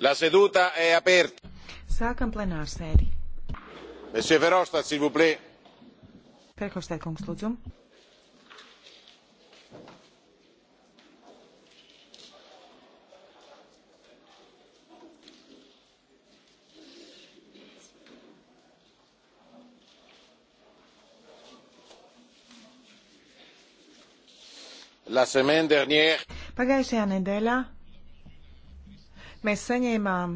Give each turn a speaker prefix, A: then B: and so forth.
A: La seduta è aperta.
B: Sākam plenārsēdi.
A: Monsieur Verhofstadt, s'il vous plaît.
B: Verhofstadt, kungs, lūdzu.
C: La semaine dernière.
D: Pagājušajā nedēļā Mēs saņēmām